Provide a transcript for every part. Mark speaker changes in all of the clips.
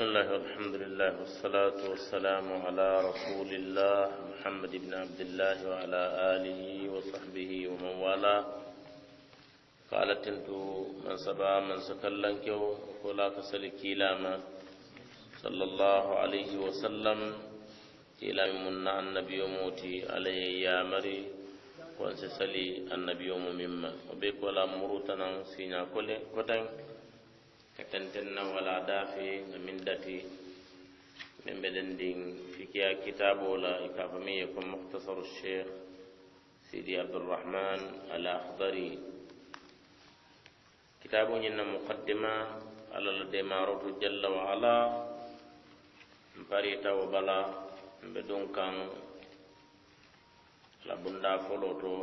Speaker 1: بسم الله والحمد لله والصلاة والسلام على رسول الله محمد بن عبد الله وعلى آله وصحبه ومن والاه قالت انت من سبا من سكلنك كيو ولا كسل صلى الله عليه وسلم كيلام من النبي موتي عليه يا مري وانسسلي النبي مما وبيك ولا مروتنا سينا كل كتنتن دافي من دتي من بدن دين في كيا كتاب ولا إكافمي يكون مختصر الشيخ سيدي عبد الرحمن الأخضري كتاب إن مقدمة على الدمارة جل وعلا مفريتا وبلا بدون كان لابندا فلوتو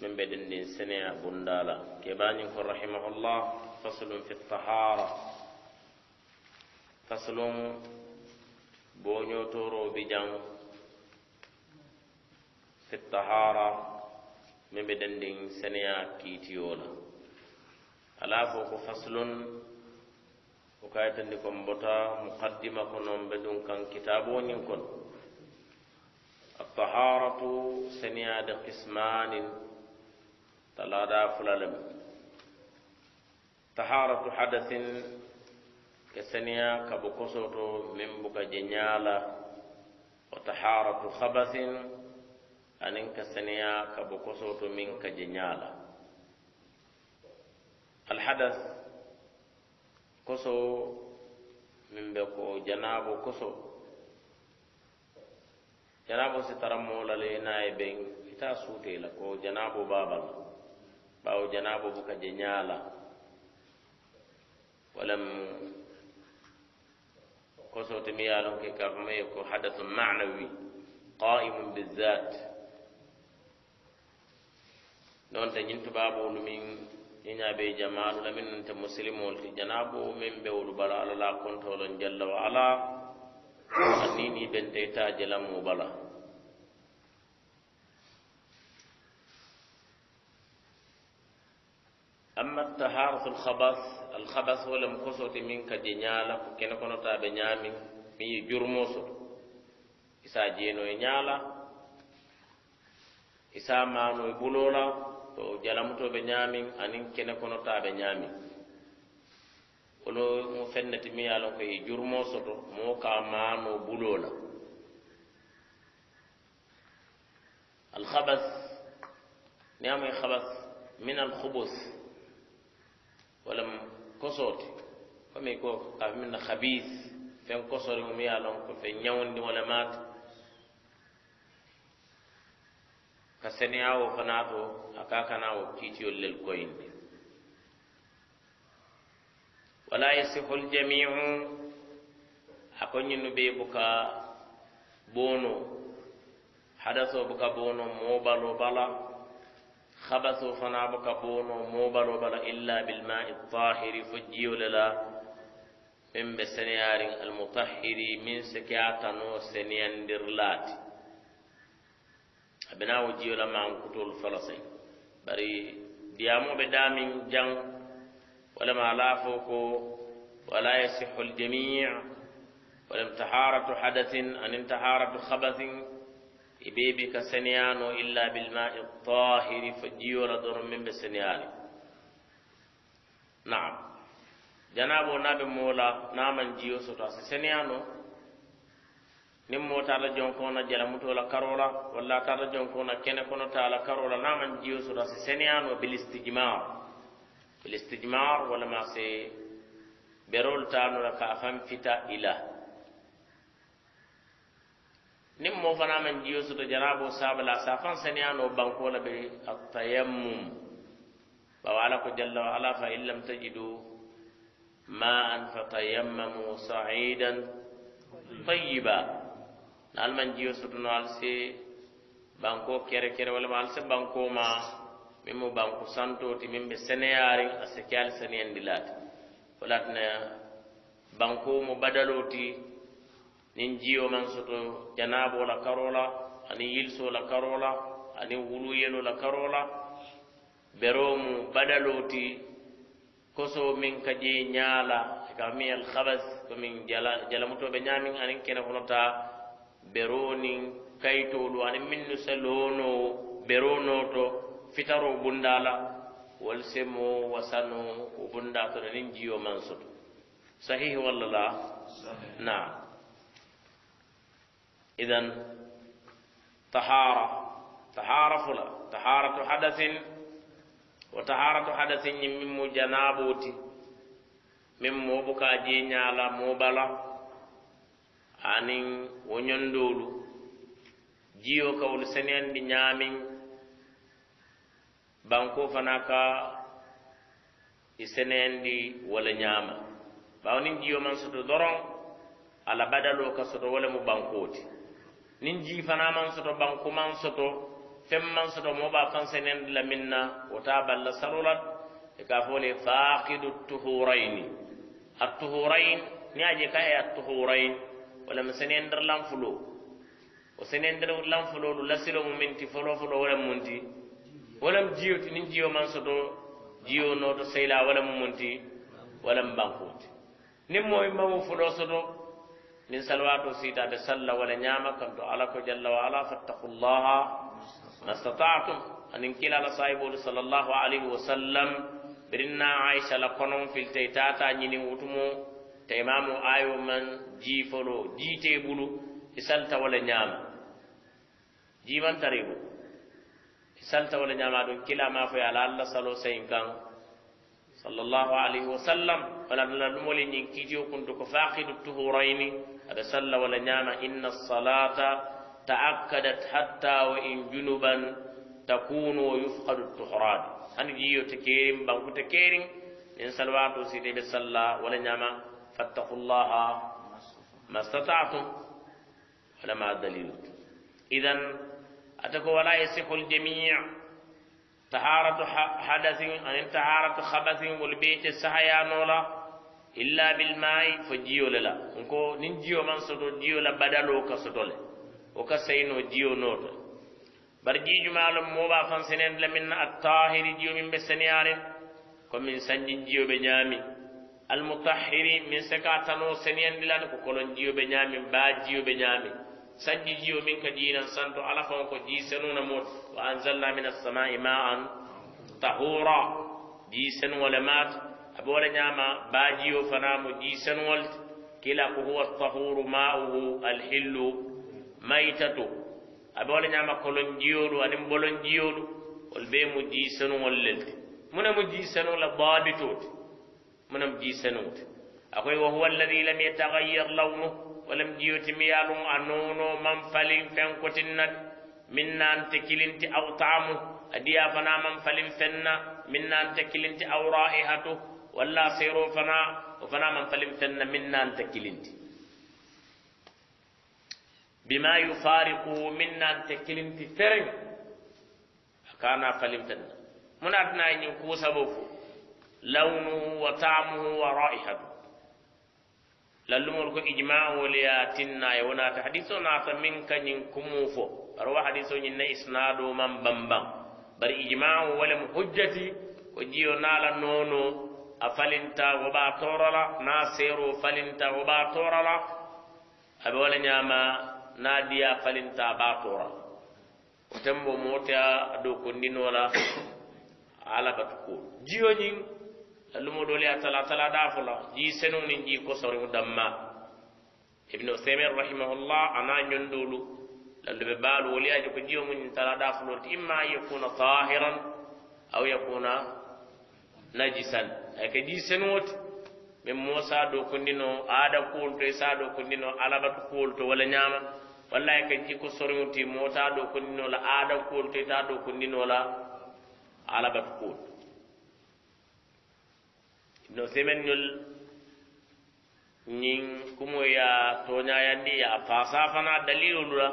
Speaker 1: min ɓeɗen ndin senéa bundala keɓanin ko rahimahullah faslum fi tahara faslum boñotoro bijan fi tahara min ɓeɗen ndin senéa kiitiyola ala koko faslum o kayitandi kon bota mukaddima ko noon ɓe ɗum kan kitaboñin kon attaharatu senéade qismanin talaada fulalem taharatu hadasin ke seniya kabu kosoto min buka jeñala wa taharatu habasin anin ka seniya kabu kosoto min ka jeñala alhadas koso min be ko janabo koso janabo si taranmolale naye ben ita suutela ko janabo babal la ɓaawo janaabo bu ka je ñaala walam kosote mi yaalon ke kafamaye ko hadathu manawi qa'imum bizat noon ta ñintubaaɓoolu min iñaabe jamaanu lamin non ta musilimol ti janaabo min ɓewlu bala alalaa kontoolon jalla wa ala anniini ɓentetaa jalamu bala أما التهارة الخبث الخبث هو المقصود من كجنيالا كنا كنا تابع نامي في جرموس إسا جينو ينالا إسا ما نو بلولا تو جلامتو بنيامي أنين كنا كنا تابع نامي ولو مفنة ميالا في جرموس موكا ما نو بلولا الخبث نعم الخبث من الخبث ولم كسوتي فمي كو من خبيث فين كسوري ومي علم فين يوند ولا مات كسنيا وفناتو أكاكنا وكيتيو للكوين ولا يصح الجميع أكون ينبي بكا بونو حدث بكا بونو موبالو بالا خبثوا فنعب كبونو موبر وبلا إلا بالماء الطاهر فجيو للا من بسنيار المطهر من سكاتا سنيان درلات أبناء جيو لما انكتو الفلسين بري ديامو بدامين جن ولما لافوكو ولا يصح الجميع ولا امتحارة حدث أن امتحارة خبث ibebi ka seneyano illa bil ma'i tahir fa jiyola dor min be seneyani naam janabo naɓe moola naman jiyo so asi seneyano nim mo tata jonkona jalamutola karola walla tata na kene kono tala karola naman jiyo soto bil seneyano bil bilistijmar wala ma se berol tanola ka fam fita ilah نم موفنا من جيوس تجنابو ساب لا سافن سنيان او بانكو لا بي التيمم بوالك جل وعلا فإن لم تجدوا ماء فتيمموا صعيدا طيبا نال من جيوس تنوالسي بانكو كير كير ولا مالسي بانكو ما ميمو بانكو سانتو تي ميم بسنياري اسكيال سنيان دلات ولاتنا بانكو مبدلوتي nin jiyo man soto janabo la karo la ani yilso la karo la ani wulu yelo la karo la bero mu badalo ti koso min kaje nyala ka mi al khabas ko min jala jala muto be nyamin anin kena fono ta bero nin kayto lu anin min nu salono bero no to fitaro bundala wal semo wasano ubunda to nin jiyo man soto sahih wallala sahih na idan tahara tahara fula taharatu hadasin wa taharatu hadasin ñin min mu janaboti min mobu ka jeñala mobala anin wo ñondolu jiyo kawolu seneyandi ñamin banko fana ka i seneyandi wala ñama bawanin jiyo man soto doron ala badalo ka soto wala mu bankoti nin ji fana man soto banku man soto fem man soto mo ba kan senen la minna o ta balla sarulat e ka fo le faqidu tuhurain at-tuhurain ni aje ka e at-tuhurain wala masenen dar lam fulo o senen der lam fulo lu lasilo mu minti folo folo wala munti wala jiyo nin jiyo man soto jiyo no to sayla wala mu munti wala mbankuti ni moy mamu fulo soto من سلواتو سيتا دي سلا ولا نياما كنتو علاكو جل وعلا فاتقوا الله نستطعتم أن انكيل على صاحبه صلى الله عليه وسلم برنا عائشة لقنون في التيتاتا نيني وطمو تيمامو آيو من جيفلو جيتي بلو إسالتا ولا نياما جيوان تريبو إسالتا ولا نياما دون كلا ما في على الله صلو سينكم صلى الله عليه وسلم ولا نلمولي نين كيجيو كنتو كفاقد التهوريني رسل ولا نعم إن الصلاة تأكدت حتى وإن جنبا تكون ويفقد التحراد هنجي تكيرين بانك تكيرين إن صلى سيدي بسلا ولا نعم فاتقوا الله ما استطعتم ولا ما دليلت اذا اتقوا ولا يسيق الجميع تهارة حدث أن تهارة خبث والبيت السحيان الله illa bilmayi fo jiyo le la nko nin jiyo man soto jiyo la badalo ka soto le wo ka sayino jiyo noto bari jiijumaalum mooɓa fan senen la min na attahiri jiyo min ɓe seniyaren komin sanjin jiyo ɓe ñaami almutahiri min seka tano seniyandilani ko kolon jiyo ɓe ñaami baa jiyo ɓe ñaami sanji jiyo min ka jiinan santo ala fan ko jii senuna mot wa anzalna min assamai ma tahura jii sen wole maata أبولا نعما باجيو فنامو جيسا والت كلا هو الطهور ماؤه الحل ميتته أبولا نعما كولون جيولو أنم بولون جيولو والبيم جيسا واللت منم جيسا لضابطوت منم جيسا أخوي وهو الذي لم يتغير لونه ولم جيوت ميالون أنونو منفلين فلين فنكتنن minna nte kilinti aw taamu adiya fana فنا falin fenna minna nte kilinti aw raihatu ولا سيرو فنا وفنا من فلم تن منا انت كلنت بما يفارق منا انت كلنت فرن كان فلم تن من ادنا ان يكون لونه وطعمه ورائحته لالمولك اجماع ولياتنا يونا تحديثو ناس منك ينكموفو روى حديثو ينا اسنادو من بمبم بر اجماع ولم حجتي وجيو نالا نونو أفلنتا وبا تورلا ناسيرو فلنتا وبا تورلا أبولا نياما ناديا فلنتا با تورلا وتمبو موتا دو دوكون ولا على جيو بتكون جيونين دولي أتلا تلا دافلا جي سنو سنون جي كسر مدما ابن سمير رحمه الله أنا نندولو للي بال ولي أجب من تلا دافلو إما يكون طاهرا أو يكون نجسا ayka ji senoti min mosa ɗo ko ndino aada kolto e saɗo ko ndino alabatu kolto walla ñama walla ayka ji ko sorowti mota ɗo ko ndinola aada kolto e taɗo ko ndinola alabatu kolto no semenñol ñin kumoya toñayandi ya fasa fana dalilolula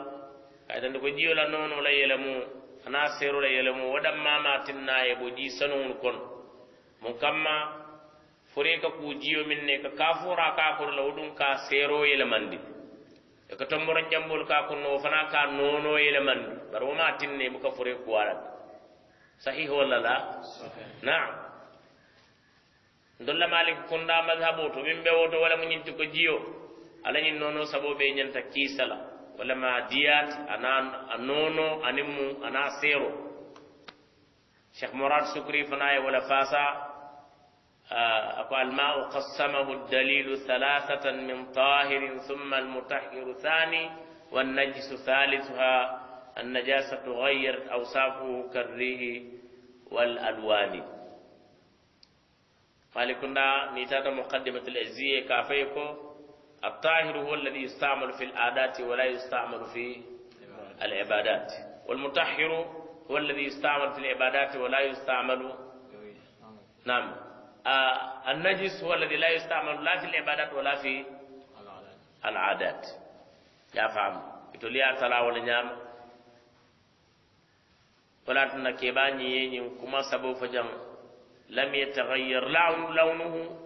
Speaker 1: kaytande ko jiyola noonola yele mu ana serola yele mu waɗan mama tinna e ɓo ji sanowol kono mun kamma fure ka ku jiyo min ne ka kafura ka kun la wudun ka sero yele mandi e ka tambura jambol ka kun no fana ka nono yele mandi bar wona tinne mu ka fure ku wala sahih wala la na'am dolla malik kunda madhabu to bimbe woto wala mun ko jiyo ala nyin nono sabo be nyanta kisala wala ma diyat anan anono animu ana sero cheikh murad sukri fana e wala fasa آه، أقول الماء قسمه الدليل ثلاثة من طاهر ثم المطهر ثاني والنجس ثالثها النجاسة تغير أوصافه كالريه والألوان قال نتاد مقدمة العزية كافيكو الطاهر هو الذي يستعمل في العادات ولا يستعمل في العبادات والمطهر هو الذي يستعمل في العبادات ولا يستعمل نعم آه، النجس هو الذي لا يستعمل لا في العبادات ولا في العادات يا فهم يتولي أثلا ولا ولا تنكباني ينين كما سبو فجم لم يتغير لون لونه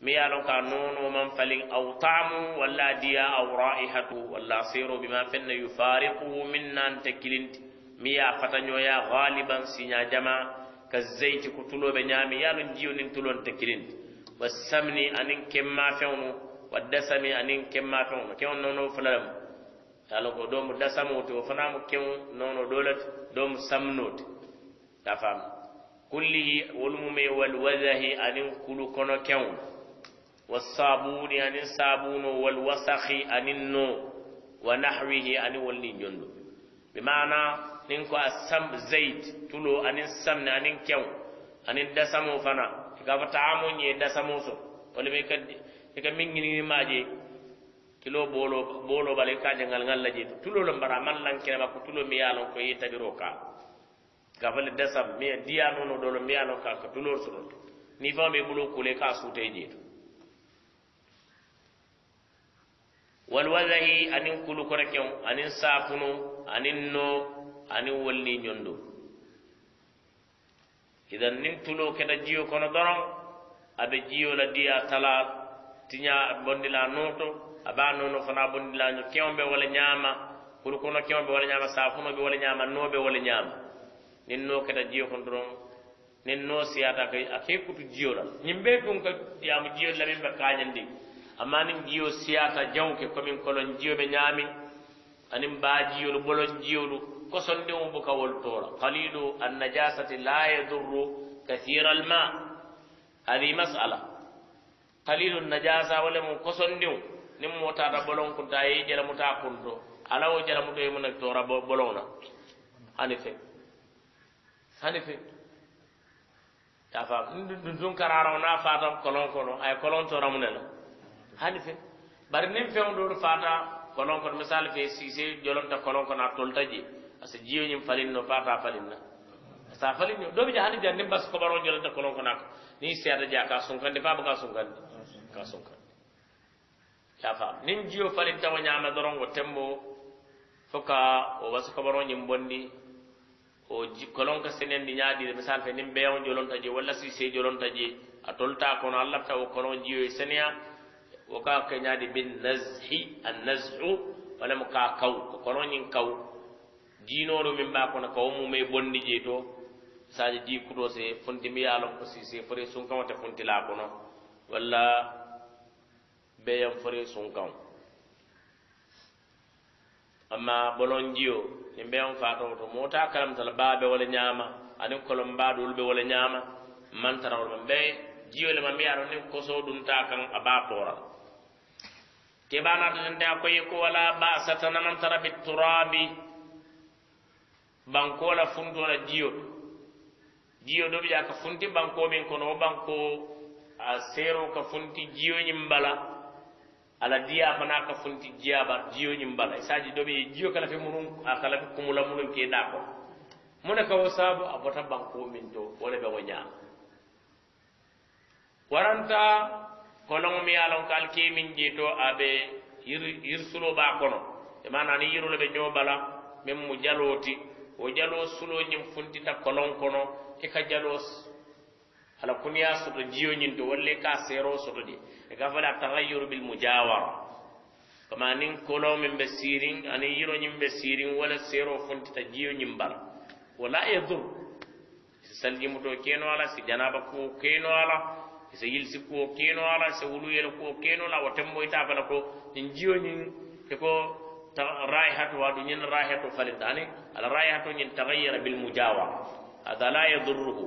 Speaker 1: ميالو كانون ومن فلين أو طعم ولا ديا أو رائحة ولا صير بما فن يفارقه منا تكلنت ميا فتنيا غالبا سينا جماعه ka zeyti ko tuloɓe nyami, yaalon jiyo nin tulon kirin. wa samni anin kemma fewnu wa dasami anin kemma fewnu kew nono fulalam yaalon ko ɗomo dasamote o fanamo kew nono ɗolet ɗomo samnot ta fam kullihi wal wazahi anin kulu kono wa wasabuni anin sabuno walwasahi anin no wa nahwihi anin wolli jondo ɓe mana nin ko a sam zeyit tulo anin samne anin kew anin dasamo fana ka fa taamo ñe dasamo so wala mi ka i ka min ŋinini maaje kilo boolo boolo bala i ka jeŋal ŋal laje tulo lo mbara man lan kene ma ko tulo mi ye a loŋ ko i tabiro ka ka fa le dasam mi ye diyanono do lo mi ye a loŋ ka ka tulo soto ni faŋo mi bulo kule ka suutee jeetu walwalahi anin kulukono keŋ anin saafunu anin noo ani wolli ñondo idan nin tulo kena jiyo kono doron aɓe jiyo la diya tala tiña bondila nuuto aɓa nono fana bondila ño kewɓe wala ñama kuru kono kewɓe wala ñama safunoɓe wala ñama noɓe wala ñama nin no keta jiyo kono doron nin no siyata a ke kutu jiyola ñimɓe ɗum ka yamo jiyo lamin ɓe kañandi amma nin jiyo siyata jawke komin kolon jiyoɓe ñami anin mba jiyolu bolon jiyolu كسن دم بك والتور قليل النجاسة لا يضر كثير الماء هذه مسألة قليل النجاسة ولا مكسن دم نم متى ربلون كنت أي جل متى كنت على وجه متى من التور ربلونا هنيف هنيف تفهم ندون كرارونا فاتم كلون كلون أي كلون تورا منلا هنيف بارنيم فيهم دور فاتا كلون كلون مثال في سيسي جلون تكلون كنا تولتاجي asi jiyoñim falinno fata falinna sa falinno doɓe jahani jannde bas koɓaro jolata kolon konako ni seeda jeya ka sunkande faaba ka sunkande ka sunkande ya faam nin jiyo falin tawa ñaama dorongo tembo fo ka o wasa koɓaroñim bonndi o kolon ka senendi ñaadire misal fe nin ɓeyon jolonta je walla sise jolonta je a tolta kono allah taw kolon jiyo e seneya wo ka ke ñaadi min nashi annashu walamo ka kaw ko kolonñin kaw diinoro min ba kono ka womu may bondi je to sadi di kuto se funti mi yalo ko si se fere sun kawo ta funti la kono walla be yam fere sun kawo amma bolon jiyo ni be yam fato to mota kalam tal babe wala nyama ani kolon badu ulbe wala nyama man tara wala be jiyo le mam yaro ni koso dun ta kan aba pora ke bana to den ta koyi ko wala ba satana man tara bi turabi bankola funtola diyo diyo ɗo ɓe ƴaka funti banko min kono o banko a seero ka funti jiyoñim mbala ala diya fana ka funti jiyaba jiyoñim mbala e saji ɗo ɓe jiyo kala fe munum a kala fe kumula munum ke ɗako mune ka wo saabu a bota banko min to wo le ɓe wo ñaama waranta holong mi alon kal ke min je to aɓe yir yirsulo ɓa kono e manani yirule ɓe ñoo bala min mo jalooti wo jaloo suloo ñiŋ funtita koloŋ kono i ka jaloo ala kuniya soto jiyo ñiŋ to walla i ka seeroo soto di i ka fala tagayyuru bil mujawara kama aniŋ kolo miŋ be siiriŋ aniŋ yiro ñiŋ be siiriŋ walla seeroo funtita jiyo ñiŋ bala wala yadur si saljimutoo keno ala si janaba kuwo keno ala isa yilsi kuwo keno ala wulu yel kuwo keno la wo tembo ita fala ko ñiŋ jiyo ñiŋ ko رائحة الرائحة وادنين الرائحة فلتاني الرائحة تغير بالمجاوة هذا لا يضره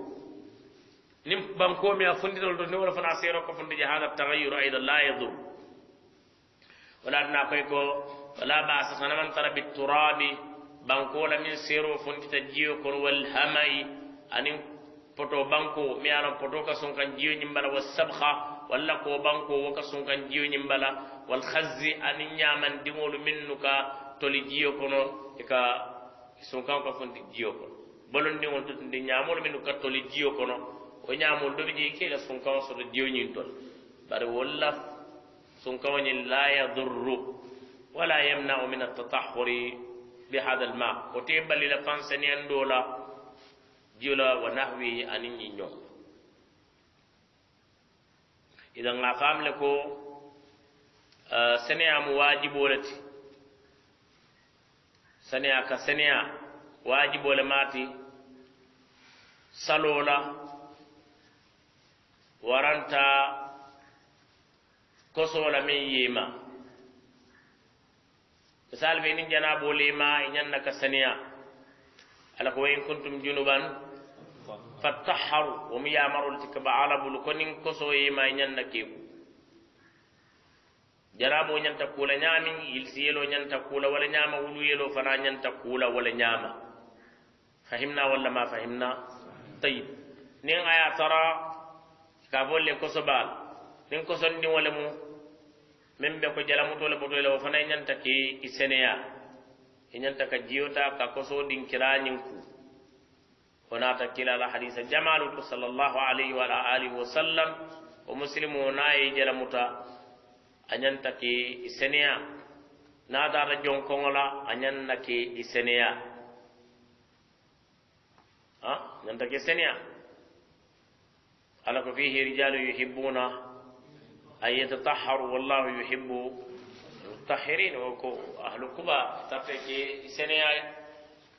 Speaker 1: نم بانكو يا فندي دول ني ولا فنا سيرو فندي هذا التغير ايضا لا يضر ولا نأكله ولا باس أنا من ترى بالتراب بانكو من سيرو فندي تجيو كون والهمي ان بتو banko mi ala poto ka sun kan jiyo nyimbala wasabkha walla ko banko woka sun kan والخزي أن يامن دمول منك تلجيو كنو إكا سونكان كفن تجيو كنو بلون دمول تتن دي نامول منك تلجيو كنو ونامول دو بجي كي لسونكان سر ديو نينتون بار والله سونكان لا يضر ولا يمنع من التطحر بهذا الماء وتيبل لفانسني اندولا جولا ونحوي أن ينجو إذا نقام لكم Eh, saniya mu waajibo le ti seneya ka seneya waajibo le maati saloo la waranta kosoo la meŋ yeema misali be niŋ janaaboo leema i ñaŋ ka saniya, ala ko wa in kuntum junuban fattaharu wo mu yaamarolu ti ka ba ala bulu ko niŋ kosoo yeema i ñaŋ na jarabo ñanta kula il siyelo ñanta kula wala ñama yelo fana ñanta kula wala ñama fahimna wala ma fahimna tayib nin aya tara ka folle kosobal nin kosondiŋo wala mu meŋ be ko jalamuto tole boto le fana ñanta ke i ñanta ka jiyota ka koso din ñiŋ ku wo kila la hadisa jamalu sallallahu alaihi wa alihi wa sallam wo musilimu wo anyanta ke isenia seneya na data jonkoŋo la isenia ke i seneya a ñanta ke isenia ala ko fihi rijalu yuhibbuna an wallahu yuhibbu mutahhirin wa ko ahlu kuba tape ke isenia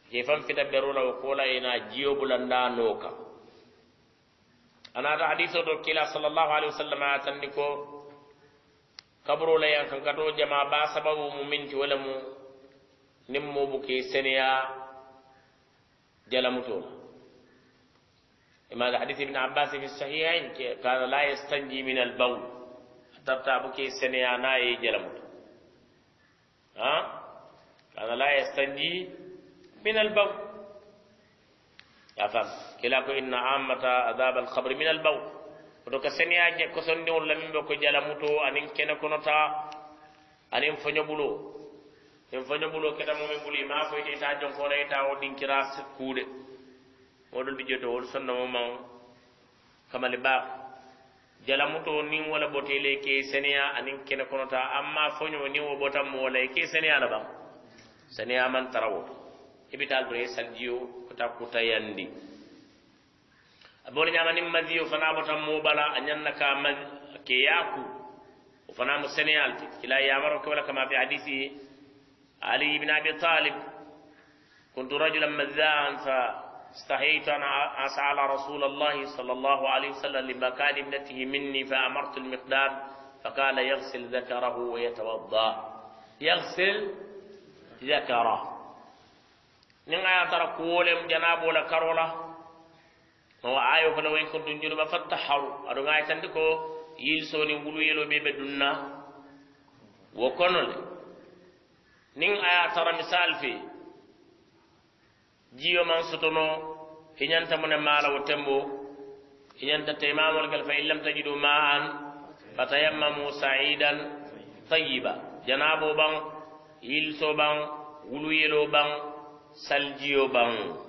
Speaker 1: seneya fam fita berula o kola ina jiyo bulanda noka kan anata hadiso kila sallallahu alaihi wasallam atandiko kaburo la yan kan kato jama ba sababu mu minti wala mu nim mo buke seneya jala muto imam hadith ibn abbas fi sahihain kan la yastanji min al bawl tabta buke seneya na yi jala muto ha kan la yastanji min al bawl ya fam kila ko inna amata adab al khabr min al bawl koto ka seniya ke kosondiŋo lamin be ko jalamuto aniŋ kene konota aniŋ foñobulo in foñobulo keta momin bulu ima fo ite ita jonkona ita wo ɗin kira kuuɗe moɗol ɓijoto wol sonnomo maŋ kamali ba jalamuto niŋ wo la botele ke seniya aniŋ kene konota amma foño niŋ wo botan mo wola ke seniya la ban seniya man tara wo ibitaal do ye saljiyo kota kuta yandi abole nyama nim mazi fana bota mo bala anyanna ka maz ke yaku fana mo senegal kila yamaro ko kama fi hadisi ali ibn abi talib كنت رجلا مذاعا فاستحيت أن على رسول الله صلى الله عليه وسلم لمكان ابنته مني فأمرت المقداد فقال يغسل ذكره ويتوضأ يغسل ذكره نعم ترى كولم جناب ولا كروله mawa ayo hono way ko dun jiru ba fatta haw adu ngai tande ko yil soni wulu yelo be be dunna wo kono le nin aya tara misal fi jiyo man sotono hinyanta mona mala wo tembo hinyanta te mamol gal fa illam tajidu ma'an fatayammamu sa'idan tayyiba janabo bang yil so bang wulu yelo bang saljiyo bang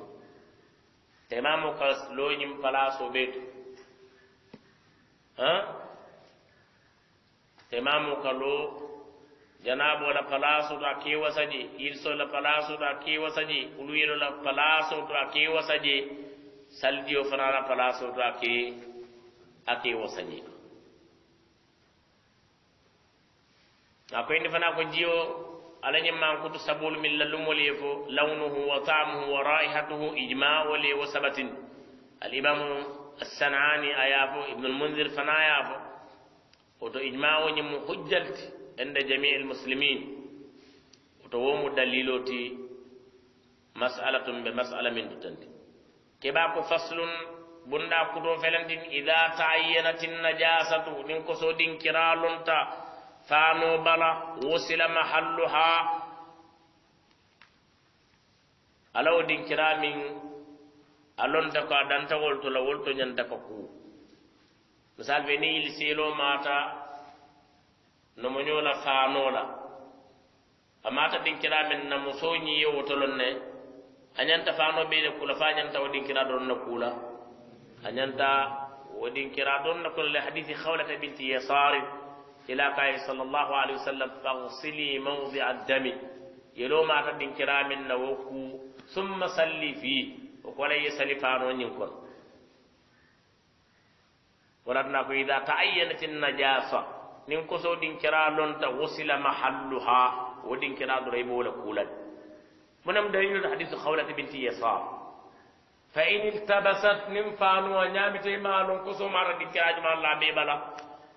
Speaker 1: temamu ka loñim palaso be to temamu ka lo janabo la palaso to a kewasa je irso la palaso to a kewasa je uluyelo la palaso to a kewasa je saldio fana la palaso to a ke a kewasa je akoyndi fana ko jiyo ala ñimman kutu sabolu min lallumol ye fo lawnuhu wa taamuhu wa raihatuhu ijma'ol ye wo sabatin alimamu assanani a ya fo ibnulmundir fana ya fo woto ijma'o ñimmu hujjalti inde jamii lmuslimin woto womu dalilo ti masala tum ɓe masala min dutanti keɓa ko faslun bunda kuto felentin ida taayyanati najasatu nin koso ɗin kira lonta ثانو بلا وصل محلها alawo din kira min alonta ko dantagol to la wolto ñanta misal be ni il selo mata no mo ñola faanola amata din kira min na muso ñi yewo to lon ne anyanta faano be ne kula fa nyanta wodin kira don na إلى قائل صلى الله عليه وسلم فاغسلي موضع الدم يلو ما تدين كرام نوكو ثم صلي فيه وقال يسلي فانون ينكر ولدنا إذا تعينت النجاسة ننكسو دين كرام تغسل محلها ودين كرام ريبو لكولا منم دليل الحديث خولة بنت يسار فإن التبست ننفانو ونعمت ما ننكسو مرة دين كرام الله بيبلا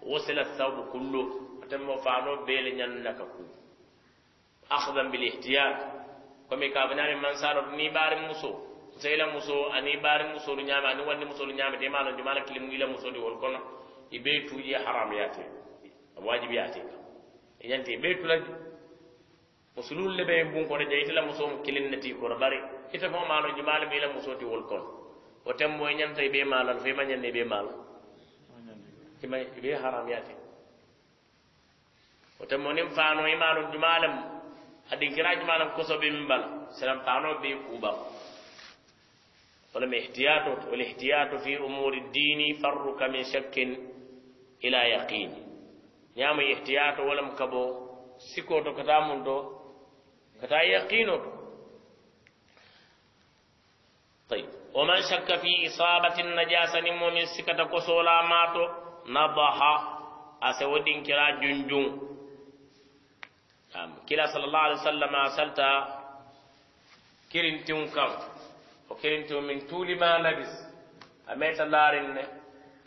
Speaker 1: غسل الثوب كله تم فانو بيل نيانلا كو اخذا بالاحتياط كما كابنا من صار ني بار مسو سيلا مسو اني بار مسو نياما اني وني مسو نياما دي مالو دي مالك لي ميلا مسو دي ولكن يبيتو يي حرام ياتي واجب ياتي ينتي بيتو لا musulul le بين بون كون jeyi tela musomo kilinnati نتي bari ite fo maalo jumaale ɓe ila musoti wol وتم o temmo e ñanta e ɓe maalal ima ibe haramiyati wote monin fano imaɗum jumalem hadin kira jumalem kosoɓe min bala silan fano be kuɓam ولم احتياط والاحتياط في أمور الدين فرك من شك إلى يقين نعم احتياط ولم كبو سكوتو كتامون دو كتا يقينو طيب ومن شك في إصابة النجاسة نمو من سكة كسولا ماتو nabaha a sewodin kira junjun kila sallallahu alaihi wasallam asalta kirintin kan o kirintin min tuli ma nabis a meta larin ne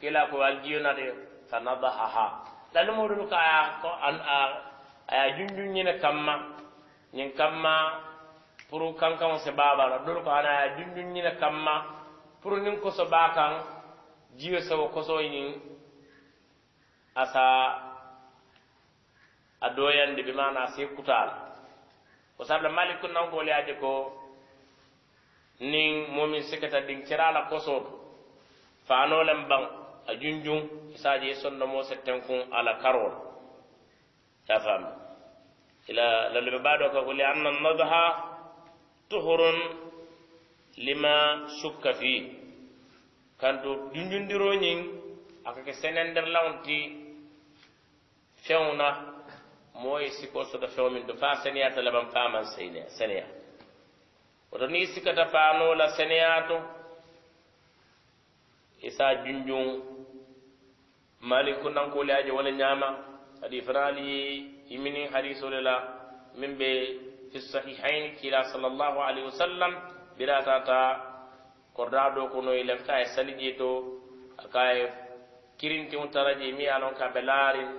Speaker 1: kila ko aljiyona de fa nabaha ha lanu modul ka ya ko an a aya junjun ni ne kamma nin kamma puru kan kan se baba la dur ko ana aya junjun ni ne kamma puru nin ko so ba kan jiyo so ko so yin asa a doyandi bi mana si kutal ko sabla na nankoli ade ko nin momin sikata din kirala no lam ban a junjun isaje ye sondomo setten kun ala karol ta fam ila lalube baɗo ka ko li anna nadha tuhurun lima shukka fi kanto junjundiroñin akake senender lawnti few na mooy sikol soto few min du faa seneyaata laban faaman seneya woto niŋ sikata faanoo la seneyaato i se a junjuŋ maali kunnankoole a je wo le ñaama hadi fanaŋ ali ye i miniŋ hadiso le la miŋ be fi sahihayin kiila sal allahu alayhi wa sallam birataata kordaa doo kono i lemta a ye sali jee to a ka a ye kirintiŋo tara je miŋ ye a loŋ ka a be laariŋ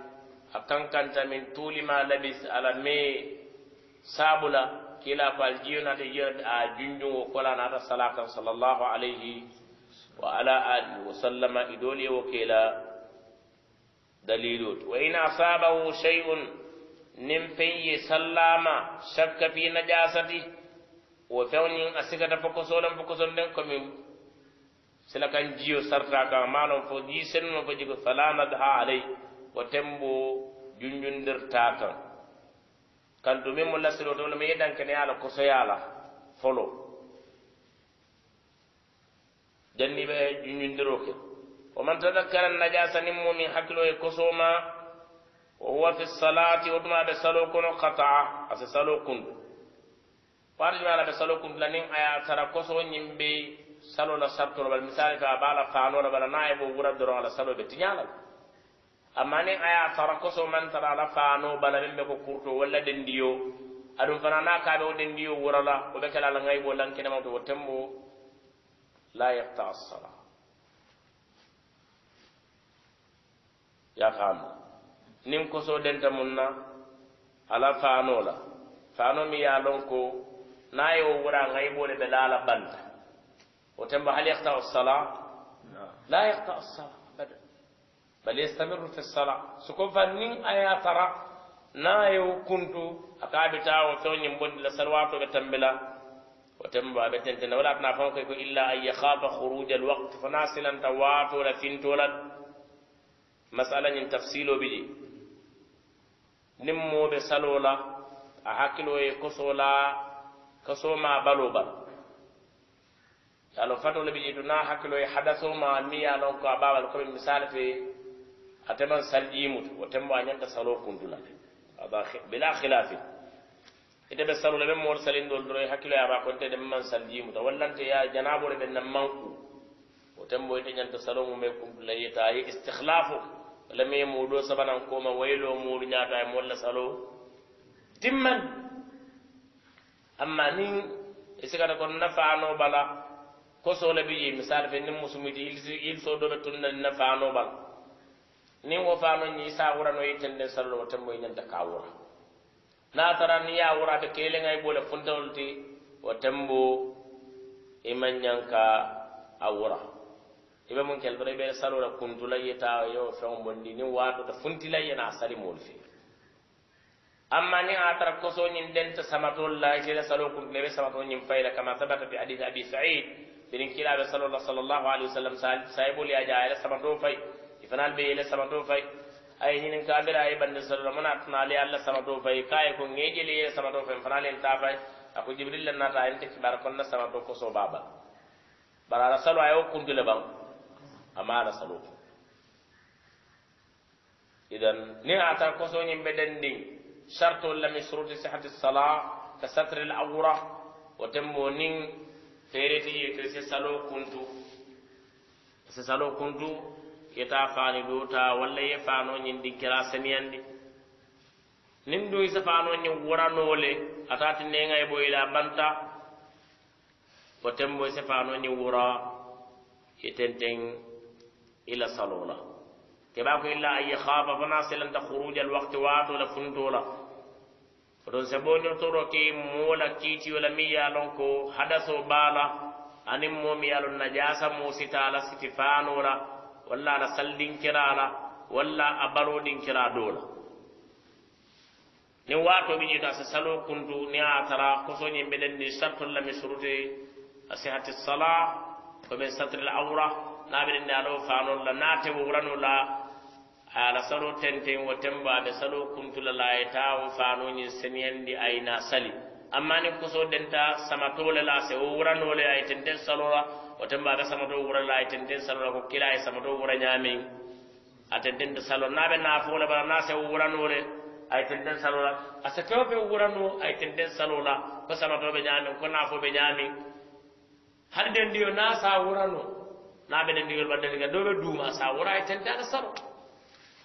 Speaker 1: akankan tamin min tuli ma labis ala me sabula kila fal jiona te jiyona a junjungo kola na ta salaka sallallahu alaihi wa ala alihi wa sallama idoli wa kila dalilut wa in asabahu shay'un nim fayyi sallama shakka fi najasati wo fewnin asikata fokosolan fokoson ko komin silakan jiyo sarta ka malon fo ji senno fo jigo fala nadha alayhi wo tembo junjundirtaa kaŋ kantu meŋ mu lasilo to lemu ye dankeneya la kosoya la folo janni be junjundiro ke ومن تذكر النجاسة نمو من حكله كسوما وهو في الصلاة ودما بسلو كنو قطع أسسلو كنو فارجما على لنين آيا ترى كسو نمبي سلو لسبتو بل فأبالا فانو بل نائب ورد درون على سلو بتنيالا amani aya tara koso man tara ala faano bala min be ko kurto walla dendiyo aɗum fana na kaɓe o dendiyo wurala o be kala bo lan lankenema to tembo la yakta ya kham nim koso denta mun na ala faano la faano mi ya lon ko na o wura gaybole ɓe la ala banta o tembo hal yakta la yakta بل يستمر في الصلاة سكون فنين أيا ترى نا يكنت أكابتا وفيون يمبون لسلوات وتنبلا وتنبا بتنتنا ولا أبنا فوقك إلا أن يخاف خروج الوقت فناسلا تواتو ولا فنت مسألة مسألة تفصيل بجي نمو بسلولا أحكلو يقصولا كسوما بلوبل alo fato le ɓe ƴeytu na hakkilo e hadasoma mi ya lon ko في ateman saljimutu wotembo a ñanta saloo kuntula aba bila khilafin ite be salo ɓe mor ɓe mool salindol doro hakkilo ko te dem man saljimuta wallante ya janabo ɓe nan manku boy te ñanta salo mume kuntula yeta ye istihlafo walla mi muɗo ko ma waylo muɗu ñata e molla salo timman amma nin isikata kon nafaano bala ko so kosole bi misal be nim musumidi il so do be tunna nafaano bala Nin wo faama ni sa wura no ye den sallo wata mo i ka wura a tara ni ya wura a kele ngai bole boo wata mbo ti wo tembo i ka a wura i be muŋ kele doro i be saloo la kuntu la ye taa ye wo feŋo bondi niŋ waatota funti la ye naa sali moolu amma ni a tara nyin den ta samatol la kila salo kun lebe samato nyin fayla kama sabata bi hadith abi sa'id birin kila be salo sallallahu alaihi wasallam sa'ibul ya ja'ala ila samato fay ifanaal ɓe yele sabato fay ay ñinin ka bira ay bande sallu mana tunale allah sabato fay kay ko ŋeƴeli yele sabato fay fanaal en ta fay ako jibril lan nata en tekki ɓara konna ko so baba bara rasul ayo kuntule ɓan ama ala salo idan ni ata ko so nyimbe dendi shartol lami suruti sihhati sala ka satr al awra wa wotemmo nin feereti yekre se salo kuntu se salo kuntu ita fani dota walla ye fano ñin di kira semiyandi nin du isa fano ñin wora nole atati ne ngay e bo ila banta o tembo isa fano ñin wora itenten ila salola keba ko illa ay khafa fana silanta khuruj al waqti wa to la funtola don se bonyo toro ki mola kiti wala mi ya don ko hadaso bala anim mom ya lon najasa mo sitala sitifanora walla ala saldinkiraa la walla a baroodinkiraa doo la niŋ waatoo bi jeeta si saloo kuntu niŋ a tara kosoñiŋ be lendi sartol lami surute asihati sala o be satril awra niŋ a be lendi aloo faanol la niŋ a tewo wuranoo la a ye ala saloo tenteŋ wo tembo a be saloo kuntu la la a ye taa wo faanoñiŋ seniyandi a ye naa sali amma niŋ kosoo denta samatoo le la a se wo wuranoo le a ye tenten saloo la o tem mbaata samato wura la ten den salola ko kila ye samato wura ñaamin aten den salo naa ɓe naafoole bara naa sewo wuranoo de ay ten den salola a se fewo ɓe wuranoo ay ten den salola ko samato ɓe ñaamin ko naafoo ɓe ñaamin hade den ndiyo naa saa wuranoo naa ɓe den ndiyol baddeli ga doo ɓe duuma saa wura ay ten taata salo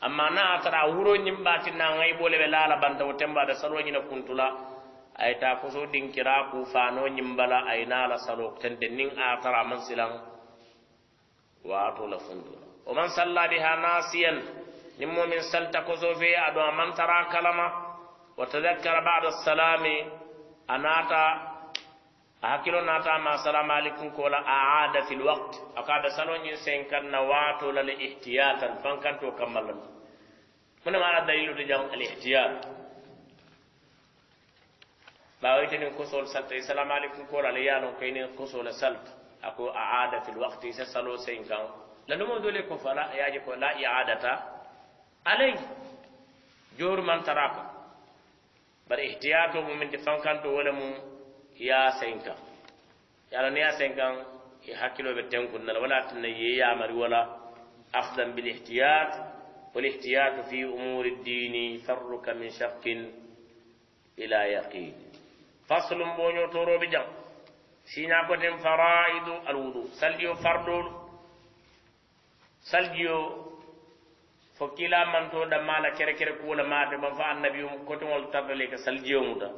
Speaker 1: amma naa tara wuro ñimbaatinnaa ŋayiɓoole ɓe laala banta o tem mbaata saloñina kuntula ay ta foso din kira ku fano nyimbala ay nala salo den nin a tara man silan wa to la fundu o man salla biha nasiyan nim mo min salta ko so fe ado man tara kalama wa tadhakkara ba'da salami anata hakilo nata ma salamu alaikum ko la aada fil waqt akada salo nyin sen kan na wa to la ihtiyatan fankant to kammala mun ma ala dalilu jam al ihtiyat بعدين كسر السلط السلام عليكم كور على يالو كين كسر السلط أكو إعادة الوقت يسالو سين كان لأنه ما دولي كفلا يجي كلا إعادة علي جور من تراب بر احتياطه من تفهم كان تقول مم يا سين كان يا لني يا سين كان يحكيلو بتيم كنا ولا تني يا مري ولا أخذن بالاحتياط والاحتياط في أمور الدين فرك من شق إلى يقين فصل بونيو تورو بجان سينا كوتن فرائد الوضو سلجيو فردول سلجيو فكيلا من تو دمالا كره كره كولا ما دم فا النبي كوتن ولتبلي سلجيو مدا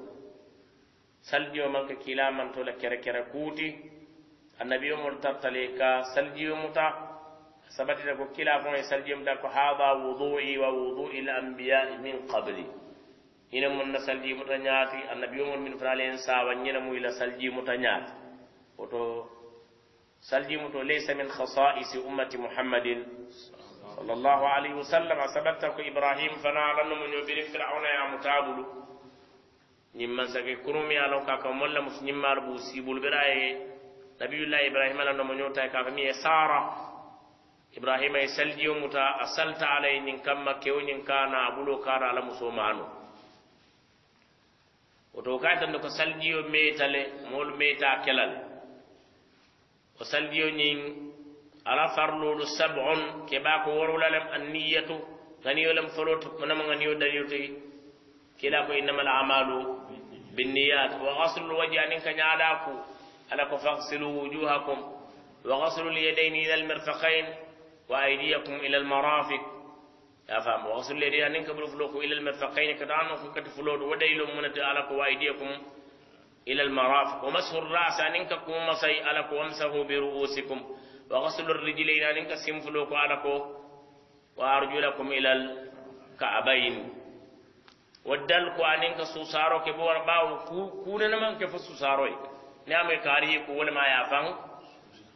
Speaker 1: سلجيو من كيلا من تو لكره كره كوتي النبي ولتبلي كسلجيو مدا ثبتت كيلا فون سلجيو مدا هذا وضوئي ووضوء الانبياء من قبلي ina mun na salji muta ñaati annabiyo mun min fana len sawa ñina muy la salji muta ñaati woto salji muto laysa min khasa'is ummati muhammadin sallallahu alayhi wa sallam sabatta ko ibrahim fana lanno mun yobiri fir'auna ya mutabulu ñimman sake kurumi alo ka ka molla mus ñimmar bu sibul biraye nabiyullah ibrahim lanno mun yotay ka ka mi sara ibrahima e saljiyo muta a salta alay ñin kamma kew ñin kana bulo kana ala muso maano oto ka tan ko saljiyo metale mol meta kelal o saljiyo ñiŋ ala farlu lu sab'un ke ba ko worwula lem anniyatu ganiyo lem foloo nama ganiyo daliyo toyi kila ko innamal a'malu bin binniyat wa gaslul waji anin ka ñaaɗaa ku ala ko faghsilu wujuhakum wa al yadayni ila al almirfaqain wa aydiyakum ila al marafiq أفهم وصل لي أن كبر فلوك إلى المرفقين كدعنا كت فلوك وديل من على وايديكم إلى المرافق ومسه الرأس أن كم مسي على وامسه برؤوسكم وغسل الرجلين أن كسم فلوك على وأرجلكم إلى الكعبين waddal ko anin ka susaro ke bowar bawo kuna naman ke fa susaro e ne amai kari ko wala ma yafan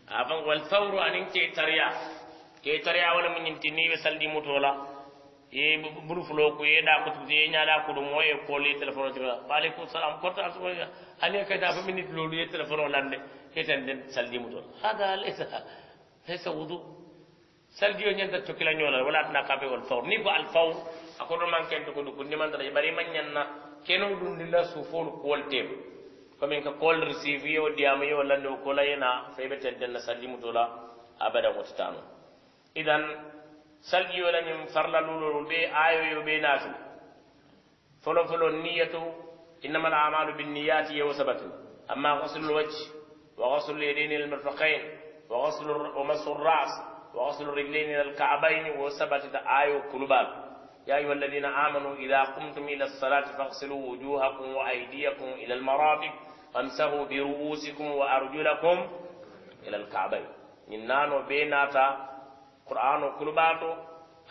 Speaker 1: afan wal ye buru fulo ko ye da ko je nya da ko mo ye ko le telephone tira alaikum salam ko ta so ya ale ka da fa minit lo ye telephone lande eten den saldi mu do hada laysa laysa wudu saldi yo nyanta to kila nyola wala na ka be wal faw ni ko al faw akodo man ken ko ko ni man dara bari man nyanna keno dun dilla su fo ko wal tem ko min ka call receive yo diam yo lande ko la yana sai be ten den saldi do la abada mutano idan saljiyo la ñiŋ farla luulolu be ayoyo be naatu folo folo niyatu innama alamalu binniyati ye wo sabatu amma gaslul wajhi wa gaslul yadaini almirfaqain wa gaslu wa masu ras wa gaslu rijlaini ila alkaabaini wo sabatita ayo kulubaalu يا أيها الذين آمنوا إذا قمتم إلى الصلاة فاغسلوا وجوهكم وأيديكم إلى المرافق وامسحوا برؤوسكم وأرجلكم إلى الكعبين إنانو بيناتا قرآنو كل باتو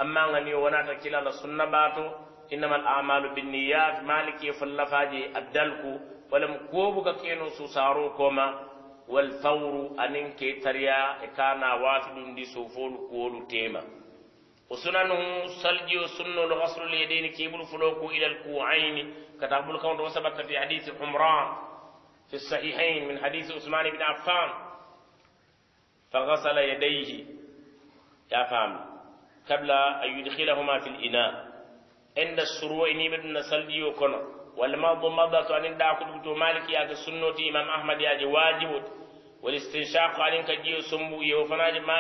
Speaker 1: أما غني وناتا كلا لسنة باتو إنما الأعمال بالنيات مالك يفلفاجي أبدالكو ولم كوبك كينو سوسارو كوما والثور أنين كي تريا إكانا واحد دي سوفول كولو تيما وسننه سلجي وسنن الغسل اليدين كيبل فلوكو إلى الكوعين كتاب الكون وسبك في حديث عمران في الصحيحين من حديث عثمان بن عفان فغسل يديه تفهم قبل أن يدخلهما في الإناء عند السروع نيبت نسلي وكنا والما ضمضة أن الداخل بتو مالك يا السنة إمام أحمد يا واجب والاستنشاق عن كجيو سمبو يوفناج ما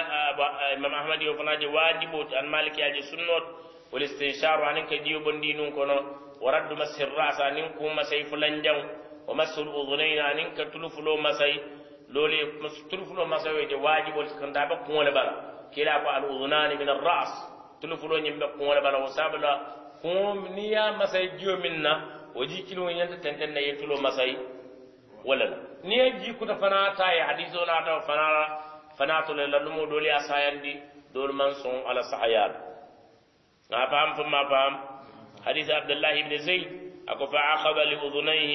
Speaker 1: إمام أحمد يوفناج واجب أن مالك يا السنة والاستنشاق عن كجيو بندينون كنا ورد مس الرأس أن كوم مسيف لنجو ومس الأذنين عن كتلفلو مسي لولي تلفلو مسي واجب والكندابة كون لبرا كلاف الأذنان من الرأس تلفلو نيم بكون ولا بلا وسابلا قوم نيا مساي جيو منا وجي كيلو نيا تنتن نيا تلو مساي ولا لا نيا جي كنا فنا تاي حديث ولا تاو فنا فنا تلو دولي أسايان دي دول منصون على سحيال ما فهم ثم فهم حديث عبد الله بن زيد أكو فعقب لأذنيه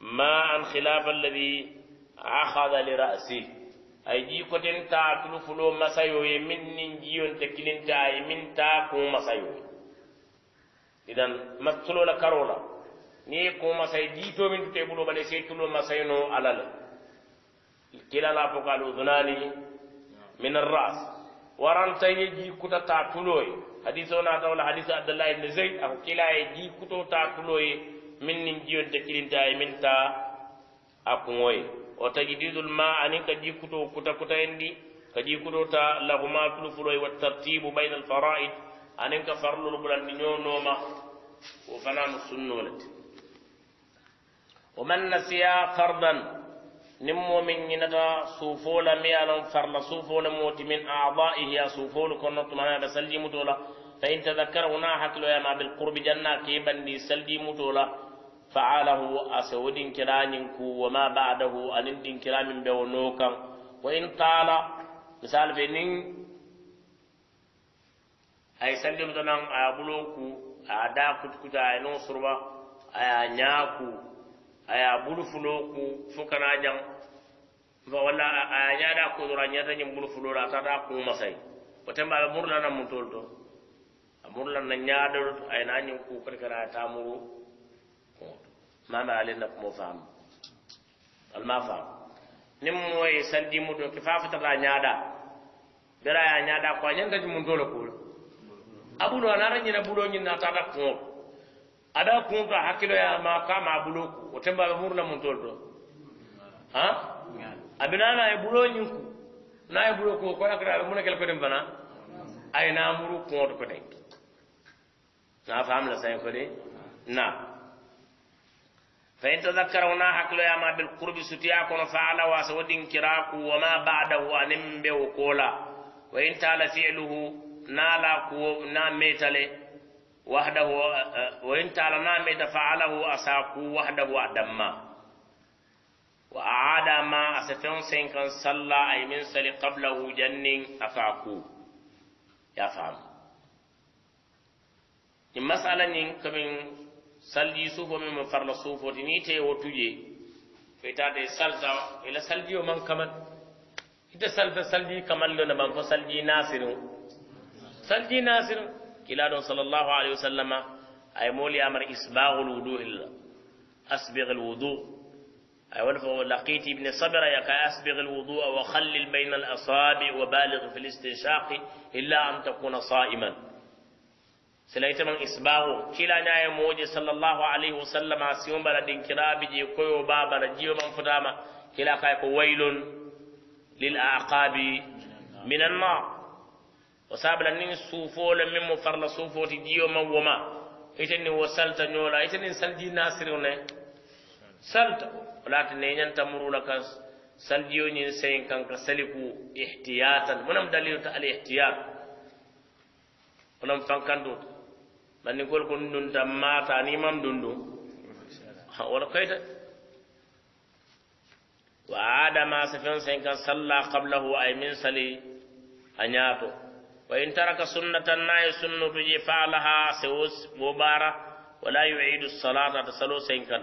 Speaker 1: ما عن خلاف الذي أخذ لرأسه ay jiikoten ta tulu fulo masayo ye min nin jiyonte ta ye min ta kun masayo idan matulo la karo la ni ye kun masayi to min tute bulo bale se tulo masayino ala le kila la fo kaalu dunani min ras. waranta ye ji kuta ta tulo ye hadiso naata wala hadiso abdullah ibne zeyd ako kila ye jii kuto ta tulo ye min nin jiyonte ta ye min ta a kuŋo وتجديد الماء أنك جيكتو كتا كتا يندي كجيكتو تا لغما كلفلوي والترتيب بين الفرائد أنك فرلو لبلن نيو نوما وفنا نسنولت ومن نسيا فردا نمو من ينغا سوفولا ميالا فرلا سوفولا موت من أعضائه يا سوفولا كنت مانا بسلجي متولا فإن تذكر هنا حكلو يا ما بالقرب جنة كيبا نسلجي متولا فعله أسود كلانك وما بعده أن كلام بونوكا وإن قال مثال فنين أي سلم دنا أبلوكو أدا كتكتا أي نصربا أي نياكو أي أبلفلوكو فكنا جم فولا أي نيادا كدرا نيادا نبلفلورا تدا كومسي وتم أمرنا نمتولتو أمرنا نيادا أي كو كركرا تامرو mama alen na kumo faamu alma faamu nin mo ye mu do ke fafatata ñaada bera ya ñaada ko a ñantati mum dole kuula abulo anata ñina bulo ñin da ko ada kuŋoto hakilo ya ma ka ma bulo ku o tembaɓe murna mum tol to a abina na ye bulo ñin ku na ye bulo ko ko hakkilo mu muna kel koten fana ko to ko koten na faam la ko kode na fa in tadhakkaruna hakkiloyama ɓel kurbi sutiya kono fa ala wasa woɗin kiraku wama badahu anin mbe wo kola wa in tala filuhu nala kuwo na metale wahdahu wa in tala na meta fa alahu asaku wahdahu adamma wa aada ma asa fen sen kan salla ay min sali qablahu jannin afaku ya famu in masala yin kamin سالي سوفو مي من فارلا سوفو تيني تي و توجي فيتا دي سالزا الا سالجي ومن كمان ايتا سالفا سالجي كمان لو نبان فو سالجي ناصر سالجي ناصر كلا دون صلى الله عليه وسلم اي مولي امر اسباغ الوضوء اسبغ الوضوء اي ولفو لقيت ابن صبر يا اسبغ الوضوء وخلل بين الاصابع وبالغ في الاستنشاق الا ان تكون صائما سلايتم إسباهو كلا نايا موجة صلى الله عليه وسلم عسيون بلا دينكرا بجي كيو بابا رجيو من فدامة كلا خايك ويل للأعقاب من النار وسابلا نين سوفو لم مفرل سوفو تجيو من وما إتني وسلت نولا إتني سلجي ناصر ونه سلت ولا تنين تمرو لك سلجيو نين سين كان كسلكو احتياطا منم دليل تألي احتياط ونم فان كان دوت banni kol kon dun ta mata ni man dundu wala kayta wa adama safen sen kan salla qablahu ay min sali anyato wa in taraka sunnatan na sunnatu ji fa'alaha sawus mubara wala yu'idu as-salata tasalu sen kan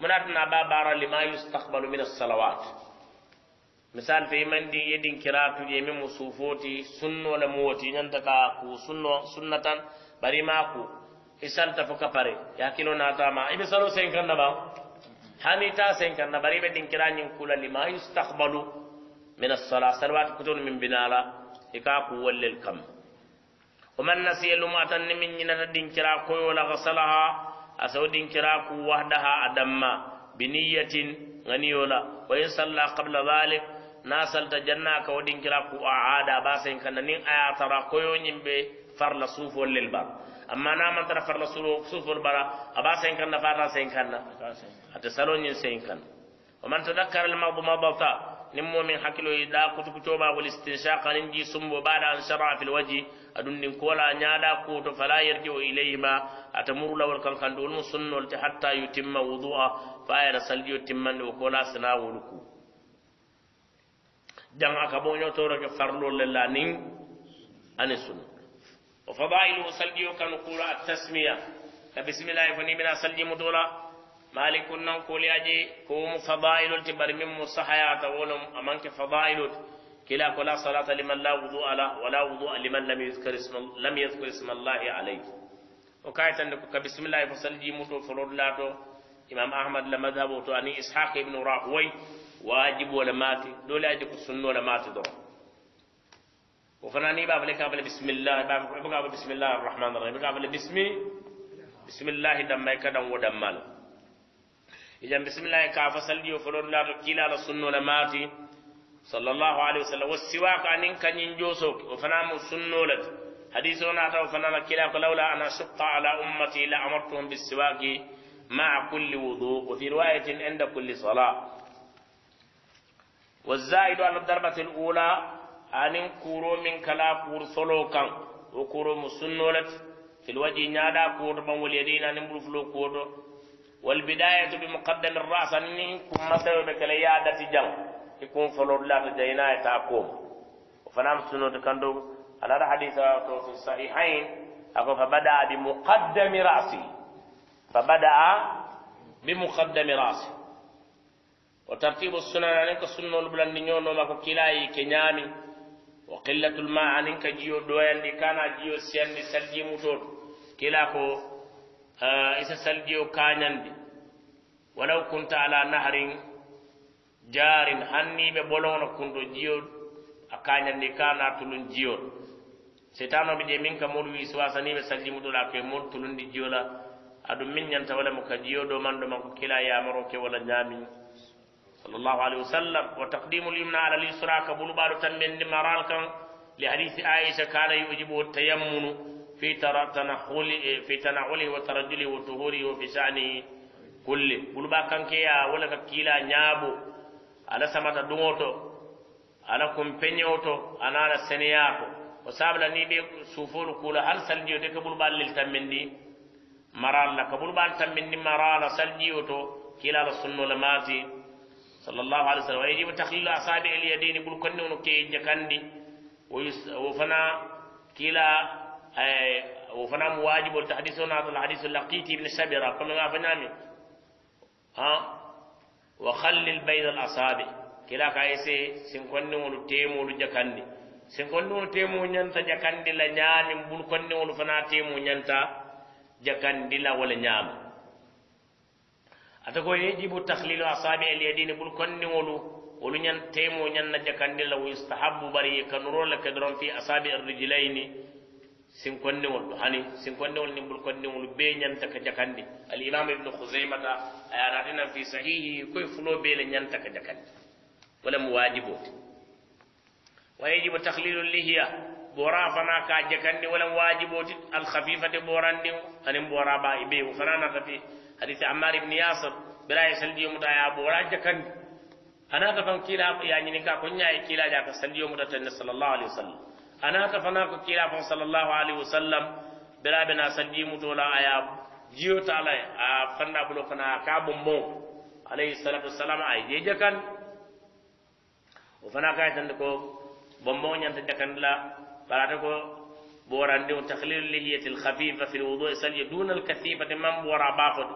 Speaker 1: munatna babara lima yustaqbalu min as-salawat misal fe man di yedin kiratu je min musufoti sunno la muwati nyanta ka ku sunno sunnatan bari maku isan ta fuka pare ya kilo na ta ma ibi salo sen kan ba hani ta sen kan na bari be din kira nyin kula lima yustaqbalu min as-salat salawat kutun min binala ika ku wallil kam o man nasiya lumatan ni min na din kira ko wala salaha, asaw din kira ku wahdaha adamma bi niyyatin ngani yola wa in salla qabla zalik na salta janna ka wadin kira ku aada ba sen kan na nin aya tara koyo nyimbe farla suufol lel bara amma na tara farla suufol bara aba senkanna fata senkanna ate saloñin kan o man tadakkara almagdu mabata nin momin hakilo yi kutu kutukucoɓa wol istinshaka nin ji sumbo bada an shara fil waji. adun ɗin kola ko to fala yerji o ilayhima ata murulawol kan kandi wolmo sunnolte hatta yutimma wudu'a fa ya saldio timmande o kola sina wol ku jan aka boñotoroke farlol lella nin ani sunnah وفضائل سلجيو كان كورا التسمية بسم الله فني من سلجي مدولا مالك نن كولي أجي كوم فضائل التبر من مصحيات ولم أمانك فضائل كلا كلا صلاة لمن لا وضوء له ولا وضوء لمن لم يذكر اسم لم يذكر اسم الله عليه وكايت أنك بسم الله فسلجي مدو فرود لاتو إمام أحمد لما لمذهبه أني إسحاق بن راهوي واجب ولا ماتي دول أجي كسنة ولا ماتي دول وفناني باب لك قبل بسم الله باب قبل بسم الله الرحمن الرحيم بقى قبل بسم بسم الله دم كدم ودم مال إذا بسم الله كاف سلدي وفلون لا تكيل على لماتي صلى الله عليه وسلم والسواك عن إنك ينجوسك وفنام سنة لك حديثنا وفنام كلا لولا أنا أشق على أمتي لأمرتهم بالسواك مع كل وضوء وفي رواية عند كل صلاة والزائد على الضربة الأولى anin kuro min kala kur solo kan o kuro musunnolat fil waji nyaada kuro ban wali yadina anin bulu flo kuwoto wal bidayatu bi muqaddam ar-ra's anin kum masaw be kala ya dati jang kum folo lata jayna ya ta ko fanam sunno to kando ala hadisa to fi sahihain ako fa bada bi muqaddam ra'si fa bada bi muqaddam rasi وترتيب السنن عليك السنن البلند نيونو ماكو كلاي كنيامي wa qillatul ma anin ka jiyo ɗoyandi kana jiyo siyandi salji mutoto kila ko eh, isa saldiyo kañandi walaw kunta ala naharin jarin hanniɓe bolono kunɗo jiyo a kañandi kana tulun jiyol setanoɓe je min ka moɗu wisuwasaniɓe salji mutoɗa koye mon tulundi jiyola aɗum min ñanta walemo ka jiyo ɗo manɗo makko kila yamoro ke wala ñamin صلى الله عليه وسلم وتقديم اليمنى على اليسرى كبول بارو تنبين دمارال لحديث عائشة كان يجب التيمن في تنحل في تنعله وترجله وطهوره وفي شأنه كله بول كان كيا ولا كيلا نيابو على سمات دوتو على كمبينيوتو انا على سنياكو وسابلا نيبي سوفول كولا هل سلجيو تكبول بار للتنبين دي مرال لكبول بار تنبين دي مرال سلجيو تو كيلا السنة لمازي صلى الله عليه وسلم ويجب تخليل أصابع اليدين بلقن ونكي جكندي وفنا كلا وفنا مواجب التحديث هنا الحديث اللقيتي بن سبيرا كما فنا من ها وخلل البيض الأصابع كلا كايسي سنكون ونتيم ونجكندي سنكون ونتيم ونجنت جكندي لنيام بلقن ونفنا تيم ونجنت جكندي لا ولنيام ونجنت ata ko yajibu takhlilu asabi al yadini bul konni wolu wolu nyan temo nyan na jakandi la wa yustahabbu bari kanuro la kadron fi asabi ar rijlaini sin konni wolu hani sin konni wolu nimbul konni wolu be nyan ta ka jakandi al imam ibn khuzaimah ta ayaratina fi sahihi koy fulo be le nyan ta ka jakandi wala mu wajibu wa yajibu takhlilu lihiya bora fana ka jakandi wala wajibu al khafifati borandi hani bora ba ibe fana na tafi حديث عمار بن ياسر براي سلديو متا يا بورا جكن انا تفن كيلا يا يعني نيكا كنيا كيلا جا سلديو متا تن صلى الله عليه وسلم انا تفنا كيلا فن صلى الله عليه وسلم برا بنا سلديو متولا يا جيو تعالى فنا بلو فنا كاب مو عليه الصلاه والسلام اي جكن وفنا كايتن كو بمبو نيانت جكن لا براتكو بوران دي تخليل اللحية الخفيفة في الوضوء سلي دون الكثيفة من بورا باخد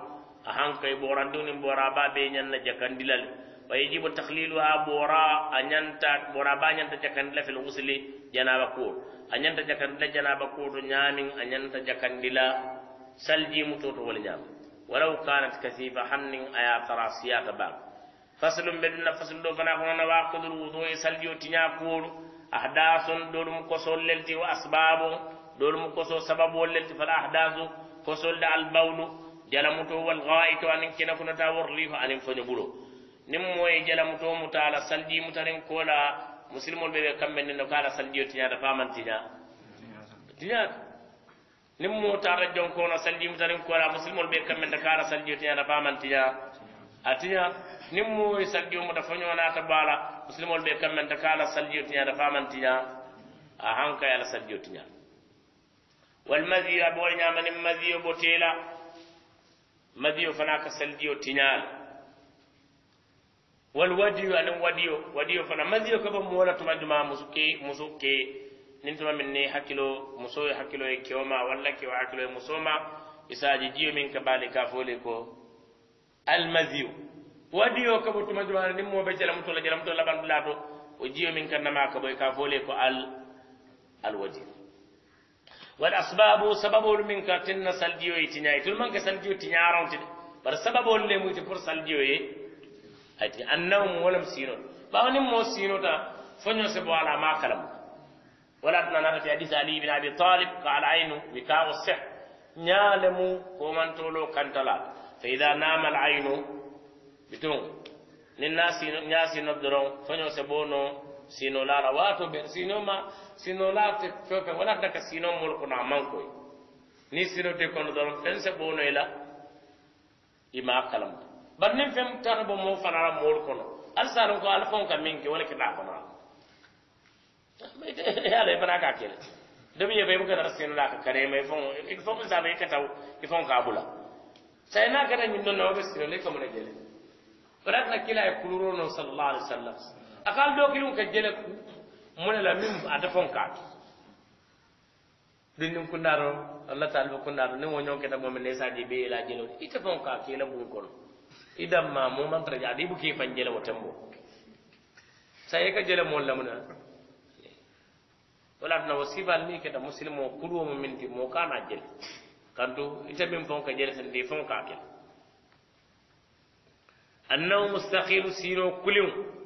Speaker 1: ahan kay borandi ni bora ba be nyanna jakandilal wa yajibu takhliluha bora anyanta bora ba nyanta jakandila fil ghusli janaba ko anyanta jakandila janaba ko to nyamin anyanta jakandila salji mutoto wal nyam walau kanat kasifa hannin aya tarasiyata ba faslum bedna fasl do fana ko na waqdul wudu'i salji tinya ko ahdasun dolum kosol lelti wa asbabu dolum koso sababu lelti fala ahdasu kosol da al bawlu jalamuto walghaito anin kina kunata worliho anin foño ɓulo nim moy jalamuto mutala salji mutaren kola muslimo be kamɓe nen no kala ala saljiyo tiñata famantiña tiñata nim mo tara no salji mutaren kola musilmol ɓe kamɓe nde ko ala saljiyo tiñata famantiña a tiñata nin moye saljiyo muta foñonata baala musilmol ɓe kamɓe nde kala ala saljiyo tiñata famantiña a hanka ya saljiyo tiñata walmasiyo aɓe waɗa ñamanin masiyo madiyo fana ka saldiyo tiñaala wal wadiyo anin wadiyo wadiyo fana madiyo ka ba mola tuma juma musu ke musu ke nin tuma min ne hakilo muso ye hakkilo ye kewma walla kewa hakkilo ye musoma isaji jiyo min ka baali ka fole ko almadiyo wadiyo ka bo tuma juma nin mo be jala mutola jala mutola bandulato o jiyo min kannama ka boy ka fole ko al alwadiyo والأسباب سبب من كتن سلديو يتناي تل من كسلديو تنيارون تل بر سبب اللي موت فور سلديو ي أتي النوم ولم سينو باون مو سينو تا فنيو سبوا على ما كلام ولا تنا في حديث علي بن أبي طالب قال عينه بكاء الصح نعلم ومن تولو كنتلا فإذا نام العين بتون للناس ناس نبدرون فنيو سبونو sinolara wato ɓe sinoma sinolate fofe wonata ka sinomol kono a mankoy ni sinote kono doron fen se ɓonoy la ima kalamta bari nin fen tata bo mo fanara mool kono alsaron ko ala fon ka min ke wala kita kono ala fana ka kele domi yeɓa yiɓo katara sinola ka karema il faut saɓa i kataw i fon ka bula sayna kata ñin ɗon nawaɓe sinole kamuna jele wadatna kila e kuluro noon sallallah alih w sallam akal do kilu ka jele ku mona la min ada din dindin kundaro Allah ta'ala kundaro ne wonyo ke tabo men sa di be la jelo ita ka ke la bun kon idan ma mu man tarja jadi bu ke fan jele bo sai ka jele la muna wala na wasibal ni ke ta muslimo kudu mo min ti mo kana jele kanto ita min ka jele san di ka ke annahu mustaqil siro kulun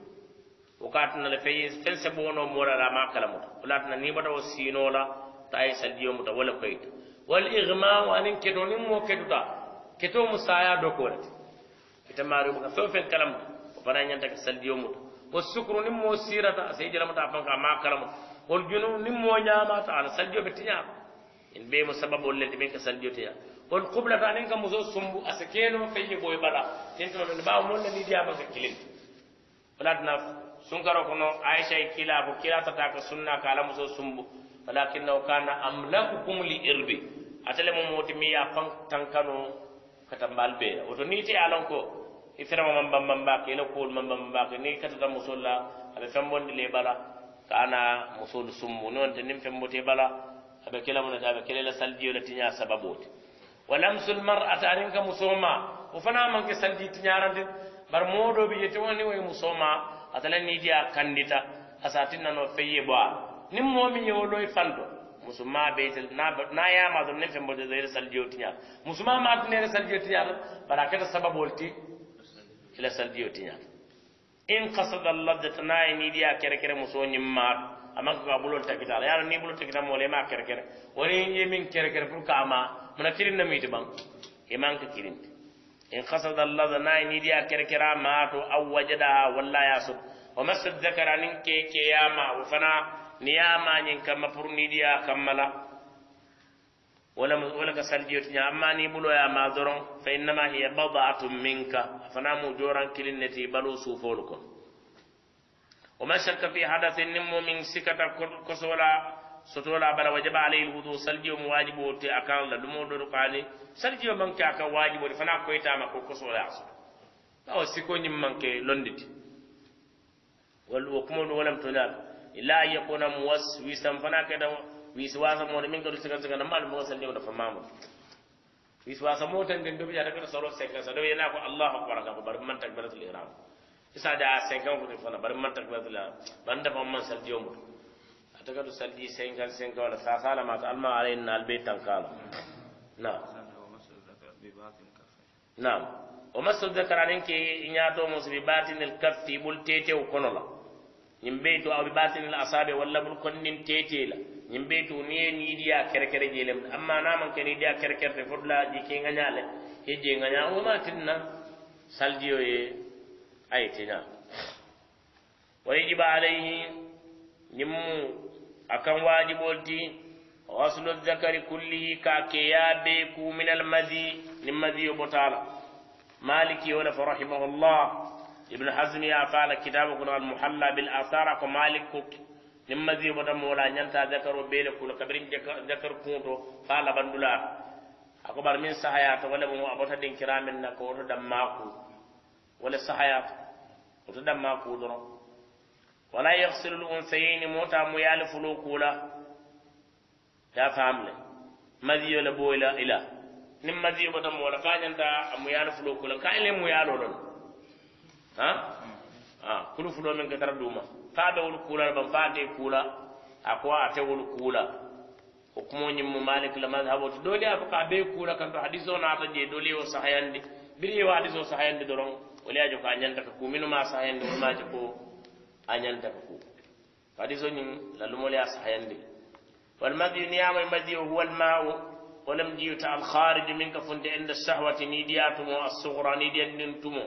Speaker 1: وكاتنا لفي فنسبونا مورا لا ما كلامه ولاتنا نيبرا وسينولا تاي سلديوم تا ولا كويت والإغماء وأنين كدوني مو كدودا كتو مسايا دوكورت كتما ريبو فوفن كلام وفانا ينتك سلديوم تا والسكر نمو سيرة سيدي لما تعفن كما كلامه والجنون نمو نعمة على سلديو بتنيا إن بيمو سبب ولا تبين كسلديو تيا والقبلة تانين كمزو سمبو أسكينو فيه بوي بلا تنتو من باو مولا نيديا بكلم ولاتنا sunkaro kono kila e kila ta ka sunna ka alamuso sumbu walakinahu kana kum li irbi atele mo moti mi ya fan tankano kata mbal beya wato ni te alon ko i firama man bambambake ila kuwol man ke ni ta musol abe aɓe fembondi le bala ka ana non sumbu nim nin fembote bala mu kelamunata ta abe kila la tiña sababote walamsul mar'ata anin ka musoma o fana manke saldi rande bar moɗoɓe yetewani woye musoma atala nidiya kandita asati nano feye ba nim momi yolo e fanto musuma be na na ya ma don ne fembo de zere saldiyotinya musuma ma don ne saldiyotinya barakata sababolti ila saldiyotinya in qasada ladzata na e nidiya kere kere muso ma amma ko bulol ta kita ya ni bulol takita mole ma kere kere wori yemin kere kere pour kama mana tirin na miti bang e manka kirinti in khasada allaza ni dia kerkera ma to awajada walla yasu wa masad zakara nin ke ke yama wa fana niyama nyin kama furni dia kammala wala wala ka saldiyo nya amma ni bulo ya ma zoron fa innama hiya bad'atun minka fana mu joran kilinnati balu sufol wa وما شك في حدث النمو من sikata كسولا sotola bala wajaba alayhi lwudu saldio mo wajibo te akan la lumo do qani saldio manke aka wajibo fana ko itama ko kosola aso bawo siko nyim manke londiti wal wakumo do walam tunab illa yakuna muwaswisan fana kada wiswasa mo min ko sikan sikan mal mo saldio da famamu wiswasa mo tan den do biya daga soro sekan sa do yana ko allahu akbar ka bar man takbiratul ihram isa da sekan ko fana bar man takbiratul ihram ban da man saldio mo atakatu salli senkan senkan wala sasala mata alma alayin na albe tankalo na na o masu zakaranin ke ñato musu bi batinil kaffi bul tetew kono la ñim beytu aw bi batinil asabe wala bul konnin tete la ñim beytu ni ye niidiya kerekere jeelem amma naman ke niidiya kerekerte fotla ji ke ŋañale ye je ŋaña woma tinna saldiyo ye ayeteña wa yajiba alayhi ñim akan wajibolti ghaslu zakari kullihi ka ke ya be ku min al madhi ni madhi yobotala maliki yona fa rahimahullah ibn hazm ya fala kitabu kun al muhalla bil athara ko malik ko ni madhi yobota mola nyanta dhakaro bele kul kabrin zakar kunto fala bandula ako bar min sahaya to wala mo abota din kiramin na ko to damma ku wala sahaya to damma ku dono ولا يغسل الأنثيين موتا ميالف الوكولا يا فاملة مذيو لبو إلى إله نم مذيو بطم ولا كاجنتا ميالف الوكولا كايلي ميالو لن ها ها آه. كل فلو من كتر دوما فادا ولكولا ربن فاتي كولا أقوى أتي ولكولا وكموني ممالك لما ذهبت دولي أفقا بي كولا كنتو حديثو نعطا جي دولي وصحيان دي بريو حديثو صحيان دي دورون ولي أجوكا أنجنتا كومينو ما صحيان دي ولما جكو a ñanta ko ku hadiso ñin asa a wal madhi niyama e madiyo huwa almau wolem jiyuta alhariju min ka funde inda shahwati ni diatu ɗiyatumo assuhra ni ɗiyandin tumo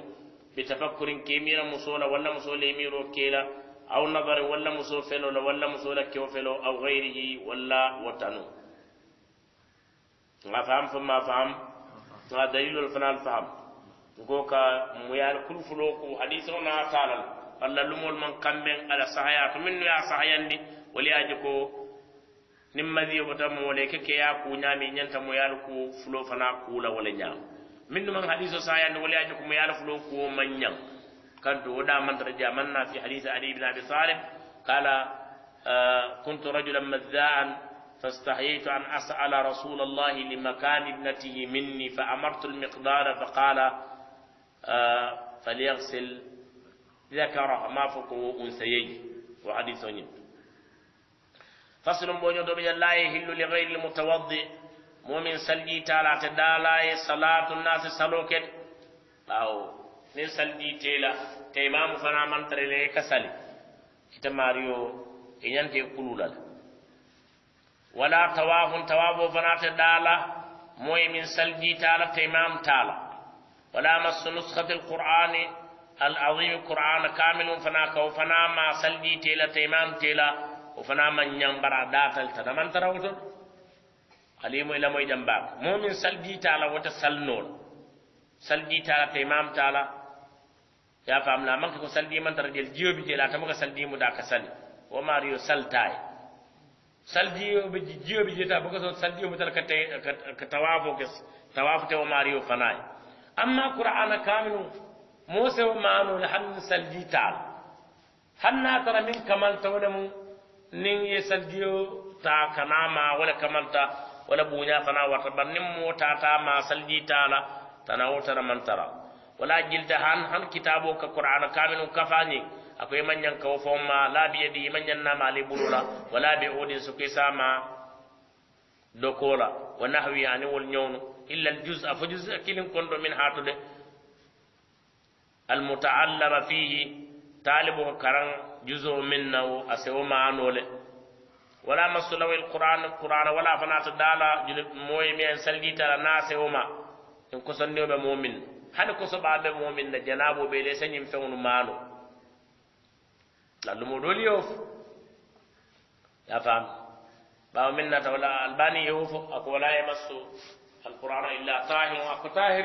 Speaker 1: bi tafakkurin kemira musola wala musole miro kela aw nadari wala musofelo wala musola kewfelo aw ghairihi wala watanu nga fam fam ma fam nga dalilul fanal fam nko ka muyal kulfulo ko hadise o alla lumol man kamben ala sahaya to minnu ya sahayandi wali aji ko nin madiyo bata mo wala ke ke ya ku nyami nyanta mo yal ku fulo fana kula wala nyam minnu man hadiso sahayandi wali aji ko mo yal fulo ku man nyam kanto woda man tarja manna fi hadith ali ibn abi talib qala كنت رجلا مذاعا فاستحييت أن أسأل رسول الله لمكان ابنته مني فأمرت المقدار فقال فليغسل ذكر ما فكو أنسيي وحديث نيم فصل بونيو دوبي لا يحل لغير المتوضئ مؤمن سلجي تعالى تدالا صلاة الناس سلوكت أو من سلجي تيلا تيمام فنا من تريلي كسلي كتماريو إنان تي قلولا ولا تواف توافو فنا تدالا مؤمن سلجي تعالى تيمام تعالى ولا مس نسخة القرآن العظيم القرآن كامل فنا وفنا ما سلدي تيلا تيمان تيلا وفنا من ينبرا داتل تنمان تراوتو عليم إلى مي جنباك مؤمن سلدي تالا نور سلدي تالا تيمام تالا يا فاملا من كو سلدي من ترجل جيو بي تيلا تمك سلدي مدا كسل وماريو سلتاي سلدي جيو بي جيتا بك سلدي متل كتوافو كس توافو تي وماريو فناي أما قرآن كامل موسى ومعنو لحن سلجي تعال حنا ترى من كمال تولم نين يسلجيو تا كناما ولا كمال تا ولا بونيا فنا وتبر نمو تا ما سلجي تعالى تناو ترى من ترى ولا جلد هان هان كتابو كقرآن كامل كفاني akwai manyan kawafon ma labi yadi manyan na mali bulula wala bi odin su kai sama dokola wa nahwi anil nyon illa al juz'a fa juz'a kilin المتعلم فيه طالب كران جزء منه ما نوله ولا مسلو القرآن القرآن ولا فنا تدالا موي مي سلجي ترى ناس وما إن كسنيو بمؤمن هل كسب عبد مؤمن جنابه بلسن ينفعون مانو لالمو دوليوف يا فهم باو منا تولا الباني يوف لا يمسو القرآن إلا طاهر وأكو طاهر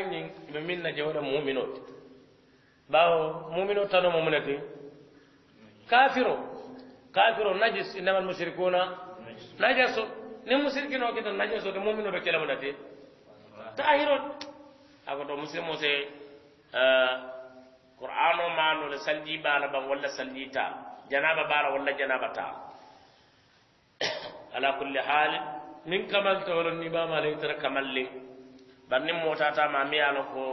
Speaker 1: من منا جوال مؤمنوت bawo mumino tano mumunati kafiro kafiro najis innama almushrikuna najasu ni musirikino kita najasu ke mumino be kela munati tahiro akoto muslimo se eh, qur'ano maano le salji bala ban walla saljita janaba bala walla janaba ta ala kulli hal min kamal tawron ni ba malay tara kamalle banni mota ta ma miyano ko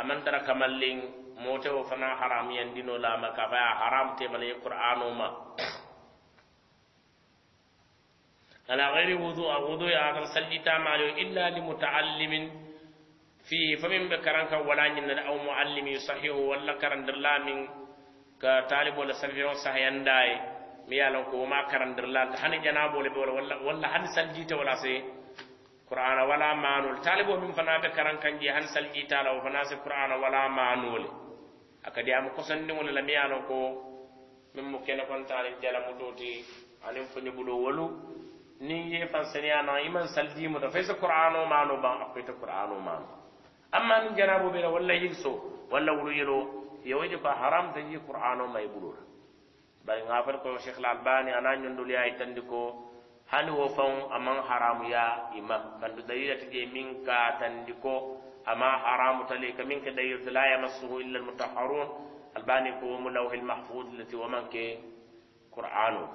Speaker 1: amantara kamallin motewo fana haramiyandino lama ka faya haram temala ye qur'ano ma ala gayri wudu a wudu ya akan sallitamaalo illa limutaallimin fihi famin ɓe karan kan walañinnade aw muallimi yusahihu walla karandir lamin ka talibola safion sahayandaye mi yalon ko woma karandirlal hani janabole ɓe wala walla hani saljita wala se qur'ana wala manole talibo min fana ɓe karan kanje hani saljitala o fana se qur'ana wala manole akadi ama kosandiŋolu la miŋ ye a loŋ ko meŋ mu kene konta aniŋ jalamutoo ti ni foñibuloo wolu niŋ ye fanseniya naŋ i iman saldi fo da si qur'ano maanoo baŋ a ko ite qur'anoo maano amma niŋ janaaboo be la walla yigso walla wulu yeloo yewo je ko haramta je qur'anoo ma i buloo la bari ŋa fata ko cheikh lalbani ana nyon do liya itandi ko hani wo fa a haram ya imam bandu kandu dalila ti je miŋ kaatandi ko أما حرام تليك منك ديز لا يمسه إلا المتحرون الباني قوم لوح المحفوظ التي ومنك قرآن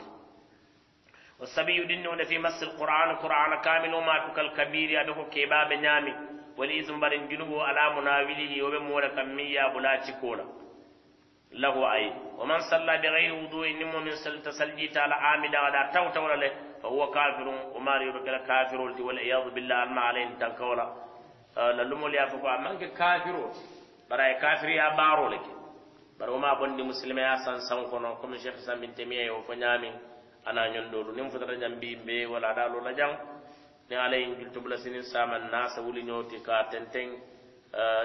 Speaker 1: والسبي يدنون في مس القرآن قرآن كامل وما تك الكبير أدوك كباب نامي والإثم برن جنوب على مناوله وبمولك مية بلا تكولا له أي ومن صلى بغير وضوء نمو من صلى تسلجيت على عامدا ولا توتول له فهو كافر وما يبقى كافر والعياذ بالله أما عليه تنكولا lallumol ya fo ko a manke kafiro bara ye kafiriya baaro le ke bari wo ma bondi ya san san kono comme cheikh sambin temiya yo fo ñaamin ana ñondoolu nim futata ñaŋ mbi mbe wala dalu la jang niŋ alla ye jultubula sinin saman naasa wuli nyoti ka tenteŋ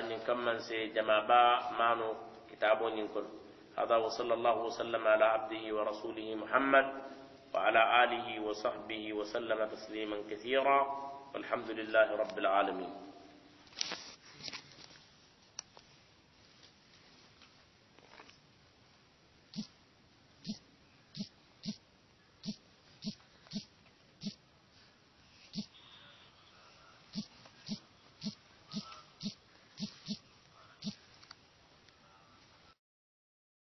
Speaker 1: ñiŋ kamman se jama ba manu kitabo nyin ñiŋ kono هذا وصلى sallam ala abdihi wa rasulihi muhammad وعلى آله وصحبه وسلم تسليما كثيرا والحمد لله رب العالمين